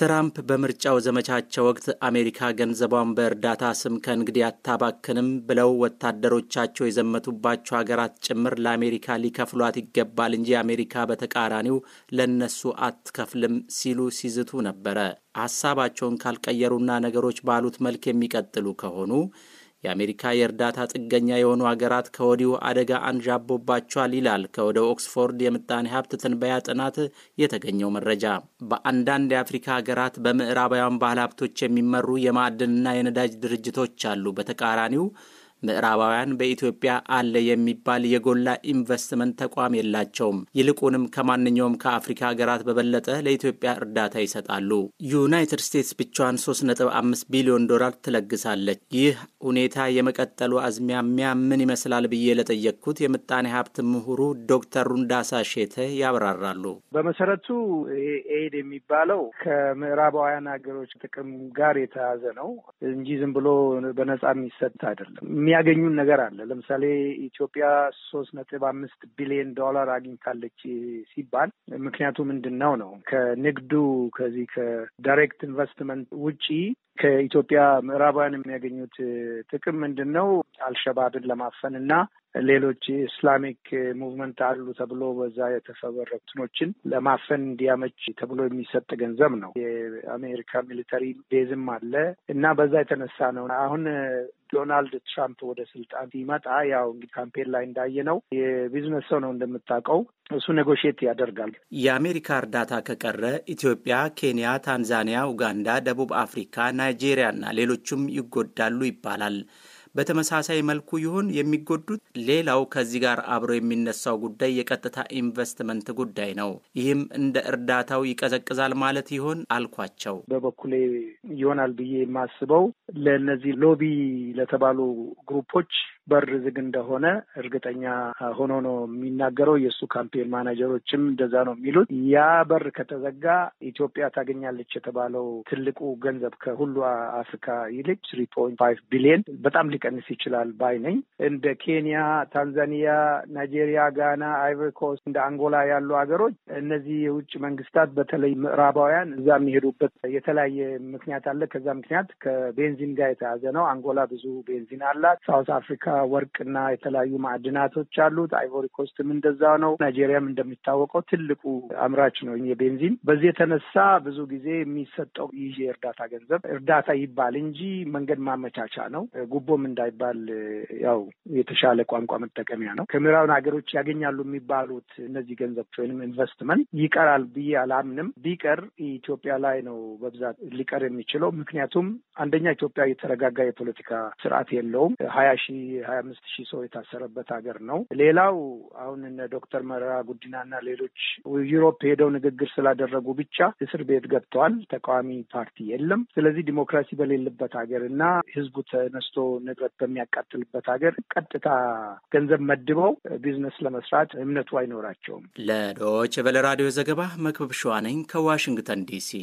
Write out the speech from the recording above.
ትራምፕ በምርጫው ዘመቻቸው ወቅት አሜሪካ ገንዘቧን በእርዳታ ስም ከእንግዲህ አታባክንም ብለው ወታደሮቻቸው የዘመቱባቸው ሀገራት ጭምር ለአሜሪካ ሊከፍሏት ይገባል እንጂ አሜሪካ በተቃራኒው ለነሱ አትከፍልም ሲሉ ሲዝቱ ነበረ። ሀሳባቸውን ካልቀየሩና ነገሮች ባሉት መልክ የሚቀጥሉ ከሆኑ የአሜሪካ የእርዳታ ጥገኛ የሆኑ ሀገራት ከወዲሁ አደጋ አንዣቦባቸዋል ይላል ከወደ ኦክስፎርድ የምጣኔ ሀብት ትንበያ ጥናት የተገኘው መረጃ። በአንዳንድ የአፍሪካ ሀገራት በምዕራባውያን ባለሀብቶች የሚመሩ የማዕድንና የነዳጅ ድርጅቶች አሉ። በተቃራኒው ምዕራባውያን በኢትዮጵያ አለ የሚባል የጎላ ኢንቨስትመንት ተቋም የላቸውም። ይልቁንም ከማንኛውም ከአፍሪካ ሀገራት በበለጠ ለኢትዮጵያ እርዳታ ይሰጣሉ። ዩናይትድ ስቴትስ ብቻዋን 3.5 ቢሊዮን ዶላር ትለግሳለች። ይህ ሁኔታ የመቀጠሉ አዝማሚያ ምን ይመስላል ብዬ ለጠየቅኩት የምጣኔ ሀብት ምሁሩ ዶክተር ሩንዳሳ ሼተ ያብራራሉ። በመሰረቱ ኤድ የሚባለው ከምዕራባውያን ሀገሮች ጥቅም ጋር የተያዘ ነው እንጂ ዝም ብሎ በነጻ የሚሰጥ አይደለም። የሚያገኙን ነገር አለ። ለምሳሌ ኢትዮጵያ ሶስት ነጥብ አምስት ቢሊዮን ዶላር አግኝታለች ሲባል ምክንያቱ ምንድን ነው ነው ከንግዱ ከዚህ ከዳይሬክት ኢንቨስትመንት ውጪ ከኢትዮጵያ ምዕራባውያን የሚያገኙት ጥቅም ምንድን ነው? አልሸባብን ለማፈን እና ሌሎች ኢስላሚክ ሙቭመንት አሉ ተብሎ በዛ የተፈበረኩ ለማፈን እንዲያመች ተብሎ የሚሰጥ ገንዘብ ነው። የአሜሪካ ሚሊተሪ ቤዝም አለ እና በዛ የተነሳ ነው አሁን ዶናልድ ትራምፕ ወደ ስልጣን ሲመጣ ያው እንግዲህ ካምፔን ላይ እንዳየነው የቢዝነስ ሰው ነው እንደምታውቀው እሱ ኔጎሽት ያደርጋል። የአሜሪካ እርዳታ ከቀረ ኢትዮጵያ፣ ኬንያ፣ ታንዛኒያ፣ ኡጋንዳ፣ ደቡብ አፍሪካ፣ ናይጄሪያ እና ሌሎቹም ይጎዳሉ ይባላል። በተመሳሳይ መልኩ ይሁን የሚጎዱት? ሌላው ከዚህ ጋር አብሮ የሚነሳው ጉዳይ የቀጥታ ኢንቨስትመንት ጉዳይ ነው። ይህም እንደ እርዳታው ይቀዘቅዛል ማለት ይሆን አልኳቸው። በበኩሌ ይሆናል ብዬ የማስበው ለእነዚህ ሎቢ ለተባሉ ግሩፖች በር ዝግ እንደሆነ እርግጠኛ ሆኖ ነው የሚናገረው። የእሱ ካምፔን ማናጀሮችም እንደዛ ነው የሚሉት። ያ በር ከተዘጋ ኢትዮጵያ ታገኛለች የተባለው ትልቁ ገንዘብ ከሁሉ አፍሪካ ይልቅ ስሪ ፖይንት ፋይቭ ቢሊየን በጣም ሊቀንስ ይችላል ባይ ነኝ። እንደ ኬንያ፣ ታንዛኒያ፣ ናይጄሪያ፣ ጋና፣ አይቨርኮስ እንደ አንጎላ ያሉ ሀገሮች እነዚህ የውጭ መንግስታት በተለይ ምዕራባውያን እዛ የሚሄዱበት የተለያየ ምክንያት አለ። ከዛ ምክንያት ከቤንዚን ጋር የተያዘ ነው። አንጎላ ብዙ ቤንዚን አላት። ሳውት አፍሪካ ወርቅና የተለያዩ ማዕድናቶች አሉት። አይቮሪ ኮስትም እንደዛ ነው። ናይጄሪያም እንደሚታወቀው ትልቁ አምራች ነው የቤንዚን። በዚህ የተነሳ ብዙ ጊዜ የሚሰጠው ይህ የእርዳታ ገንዘብ እርዳታ ይባል እንጂ መንገድ ማመቻቻ ነው፣ ጉቦም እንዳይባል ያው የተሻለ ቋንቋ መጠቀሚያ ነው። ከምዕራብን ሀገሮች ያገኛሉ የሚባሉት እነዚህ ገንዘቦች ወይም ኢንቨስትመንት ይቀራል ብዬ አላምንም። ቢቀር ኢትዮጵያ ላይ ነው በብዛት ሊቀር የሚችለው ምክንያቱም አንደኛ ኢትዮጵያ የተረጋጋ የፖለቲካ ስርዓት የለውም። ሀያ ሺህ ሀያ አምስት ሺህ ሰው የታሰረበት ሀገር ነው። ሌላው አሁን እነ ዶክተር መረራ ጉዲናና ሌሎች ዩሮፕ ሄደው ንግግር ስላደረጉ ብቻ እስር ቤት ገብተዋል። ተቃዋሚ ፓርቲ የለም። ስለዚህ ዲሞክራሲ በሌለበት ሀገር እና ህዝቡ ተነስቶ ንብረት በሚያቃጥልበት ሀገር ቀጥታ ገንዘብ መድበው ቢዝነስ ለመስራት እምነቱ አይኖራቸውም። ለዶች ቬለ ራዲዮ ዘገባ መክበብ ሸዋ ነኝ ከዋሽንግተን ዲሲ